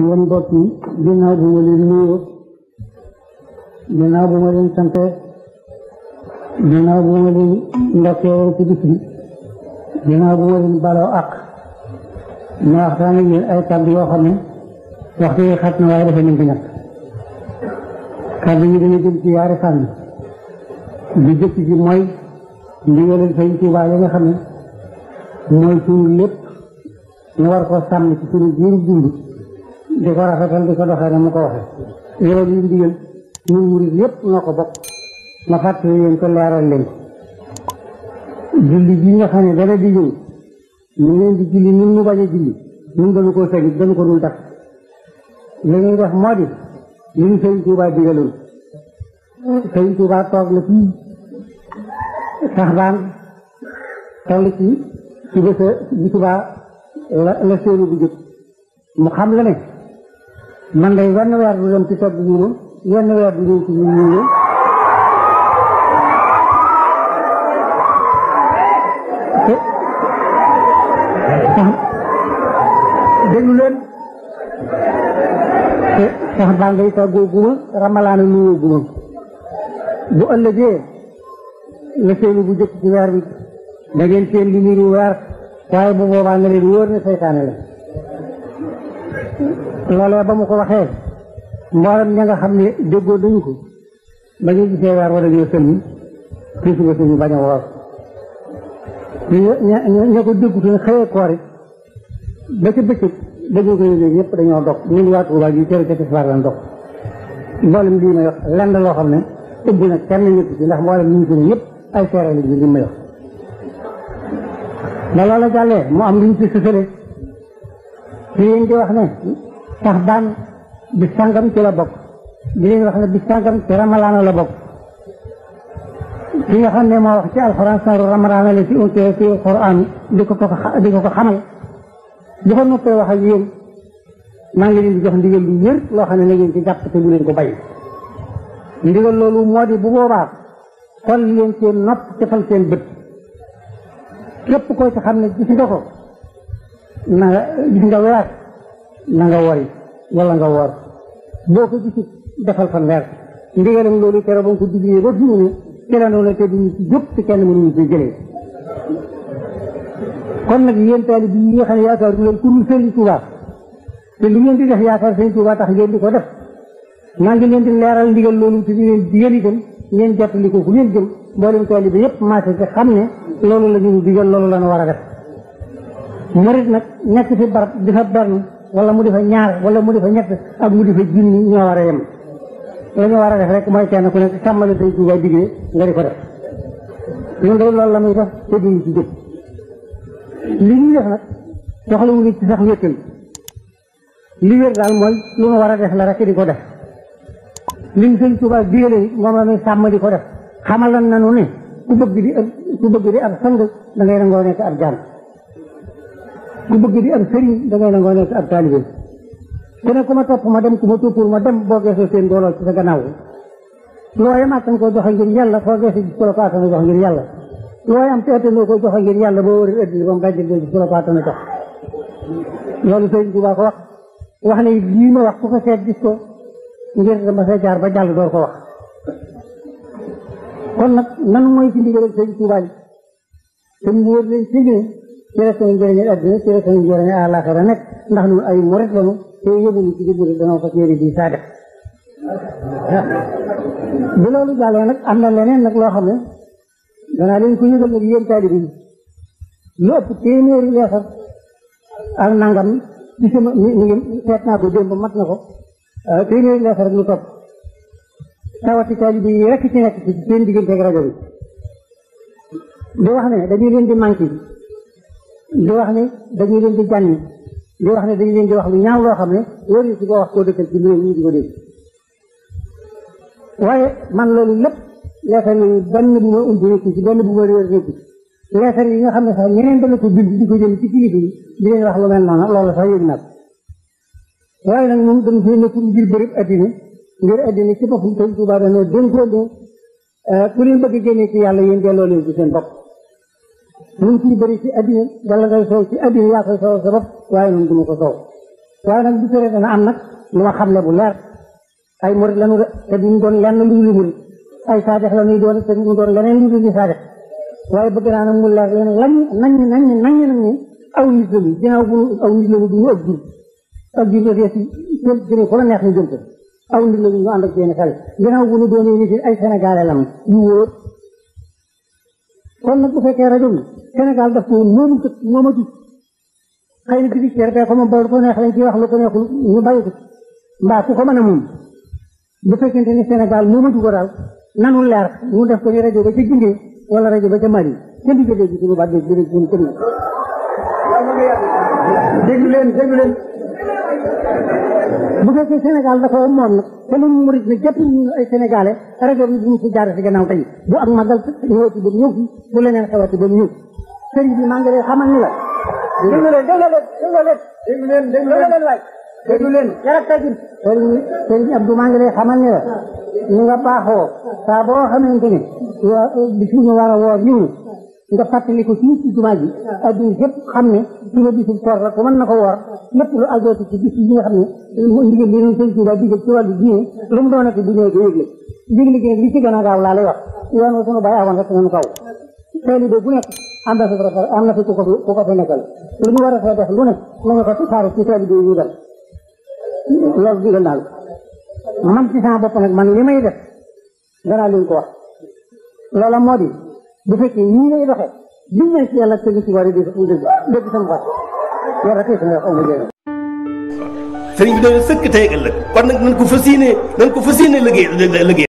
yéen mbokk yi ginnaaw bu ma leen nuyoo ginnaaw bu ma leen sante ginnaaw bu ma leen ndokkee ci bis bi ginnaaw bu ma baloo ak ma waxtaan ak ay kàddu yoo xam ne waxtu yi xat na waaye dafa mën di ñàkk kàddu yi dana jëm ci yaari bi jëkk ji mooy ndigalal Sëñ Tuubaa yi nga xam ne mooy suñu lépp ñu war koo sàmm ci suñu biir dund di ko rafetal di ko doxee ne mu ko waxee loolu yu ndigal ñun murid yépp ñoo ko bokk ma fàttali leen ko leeral leen julli ji nga xam ne dana di ñëw ñu leen di julli ñun mu bañ a julli ñun dañu koo sëñ dañu ko dul def li ñuy def moo di li ñu sëñ Tuubaa digaloon sëñ Tuubaa toog na fii sax daan toll ci ci bés a Tuubaa la la séenu bu jëkk mu xam la ne man day wenn weer bu yem ci togg diine wenn weer bu yem ci diine déglu leen te sax baa ngay toggoo guma ramalaana nuyoo guma bu ëllëgee la seeni bu jëkk ci weer bi da ngeen seen li niru weer waaye bu boobaa nga leen wóor ne seytaane la loolee ba mu ko waxee mboolem ña nga xam ne déggoo duñ ko ba ñu gisee weer wala ñoo sëlmi a woor ñu ña ko déggu suñu xëyee koor it ba ci bëccëg dañoo ko yëgee ñëpp dañoo dog ñun waa Tuuba ji cër ca tisbaar lan mboolem lii may wax lenn loo xam ne ëbb na kenn ñëpp ci ndax mboolem ñu fi ne ay seere li may wax ba loola jàllee mu am lu ñu ci sësale di leen di wax ne sax baan bis sàngam ci la bokk di wax ne bis sàngam ci ramalaana la bokk ki nga xam ne ma wax ci alxuraan saaru ramalaana la si untee si alxuraan di ko ko di ko ko xamal ko noppee wax ak yéen maa ngi leen di jox ndigal lu loo xam ne na ngeen ci jàpp te bu ko bay ndigal loolu moo di bu boobaa xool leen seen nopp defal seen bët képp koo ci xam ne gis nga ko na nga gis nga weer na nga wori wala nga wor boo ko gisit defal fa leer ndigalam loolu kero ba nga ko diglee ba fi mu ne ci la noonu te duñu ci jóg te kenn mënuñu ci jëlee kon nag yéen taalib yi nga xam yaakaar ngeen ku dul Sëriñ Tuubaa te li ngeen di def yaakaar Sëriñ Tuubaa tax ngeen di ko def maa ngi leen di leeral ndigal loolu te di leen digal itam ngeen jàppali ko ku xam ne loolu la ñu digal loolu la war a def murit nag nekk fi barab di fa benn wala mu di fa ñaar wala mu di fa ñett ak mu di fa junni ñoo war a yem def rek mooy kenn ku nekk sàmmali tey jii ngay digle nga di ko def de loolu la muy def li ñuy def a def la rek di ko def liñ sëñ Tuubaa digle moom di ko def xamaloon nañu ne ku bëgg di ku bëgg di ab sang da ngay nangoo nekk ab jaan ku bëgg di am sëriñ dangay nangoo nekk ab taalibe ku ne ku ma topp ma dem ku ma toppul ma dem boo geesoo seen mbooloo ci sa gannaaw looyam attan koo joxe ko la ko attan jox ngir yàlla looyam te ko joxe ngir yàlla boo wëree ëddina ba mu dajale ko gis ko la ko attan jox loolu ko wax wax ne lii ma wax ko seet gis ko jaar ba jàll door ko wax kon nag ci ndigal ci la suñu njëriñu adduna ci la suñu njëriñu àllaaxira nag ndax ñun ay murit lañu te yóbbuñu ci jublu danoo fas yéene bii saa def bu loolu jàllee nag am na leneen nag loo xam ne danaa leen ko yëgal nag yéen taalibe yi lu ëpp téeméeri leesar ak nangam ci sama mi ngi seet naa ko démb mat na ko ah, téeméeri leesar lu topp tawati taalibe yi rekk ci nekk ci seen diggante ak rajo bi di wax ne dañuy leen di manqué di wax ne dañuy leen di wax ne dañu leen wax lu ñaaw loo xam ne wóor si koo wax koo dëkkal ci biir ñii di ko dégg man loolu lépp leetar yi benn bu ma umb nekk ci benn bu ma réer nekk ci leetar yi nga xam ne sax ñeneen dana ko bind di ko jëm ci kilifa yi di leen wax lu mel noonu loolu sax yëg naa ko waaye nag moom dañ fee nekk ngir bërëb addina ngir addina ci boppam Sëñ Tuubaa dañoo dénkoon ne eh, ku leen bëgg génne ci yàlla yéen delloo leen ci seen bopp luñ ciy bëri ci addina wala ngay soow ci la yaa koy soow sa bopp waaye ñun duñu ko waaye nag bu fekkee dana am nag lu ma xamle bu leer ay murit lañu de te doon lenn lu dul ay saadex la ñuy doon te duñ doon leneen lu dul saadex mu leer leen lañ nañ nañ nañ nañ ne aw nit lañu ginnaaw bu aw nit lañu duñu ak jur ak jur la fees jël jëlee ko la neex ñu jël ko aw nit lañu ñu ànd ak seen xel ginnaaw bu ñu doonee nit ay sénégalais lañu yu wóor kon nag bu fekkee rajo bi Sénégal daf ko moomu ko moomatu xëy na bi seer bee ko moom ba ko neex lañ ci wax lu ko neexul ñu bàyyi ko mbaa ku ko mën bu fekkente ni Sénégal moomatu ko daal nanu leer ñu def ko ni rajo ba ca Gindé wala rajo ba ca Mali kenn du jëlee ji suñu baat bi dégg suñu kër déglu leen déglu leen bu fekkee Sénégal da koo moom nag te lu mu murit na jëpp ñu ay sénégalais rajo bi duñu fi jaare si gannaaw tey bu ak magal ñëwati ba ñëw fi bu leneen xewati ba ñëw sëriñ bi maa ngi ni la nga baaxoo saa boo xamante ne bisu ñu war a woor ñëw nga fàttali ko ci jumaa ji adduna yëpp xam ne ci la bisu koor la ku mën na ko lépp lu ajooti ci bis yi nga xam ne mu ndigal li ñu sëñ Tuuba digal ci wàllu diine lu mu doonati du ñëw ko yëgle yëgle gi ci gën a gaaw laa lay wax yoon wa sunu bàyyi kaw taalibe bu nekk am na fi ku ko ku lu ñu war a fee def lu ne la nga ko saaru ci taalibe yi dal loolu digal naa la man ci sama bopp nag man li may def danaa leen ko loola moo di bu fekkee ñi ngay doxee biñ ne ci yàlla sëñ Tuuba di dëgg seen bopp loolu rek la am lu jëriñ. sëriñ bi dañoo sëkk tey ak ëllëg kon nag nañ ko fas yéenee nañ ko fas yéenee liggéey liggéey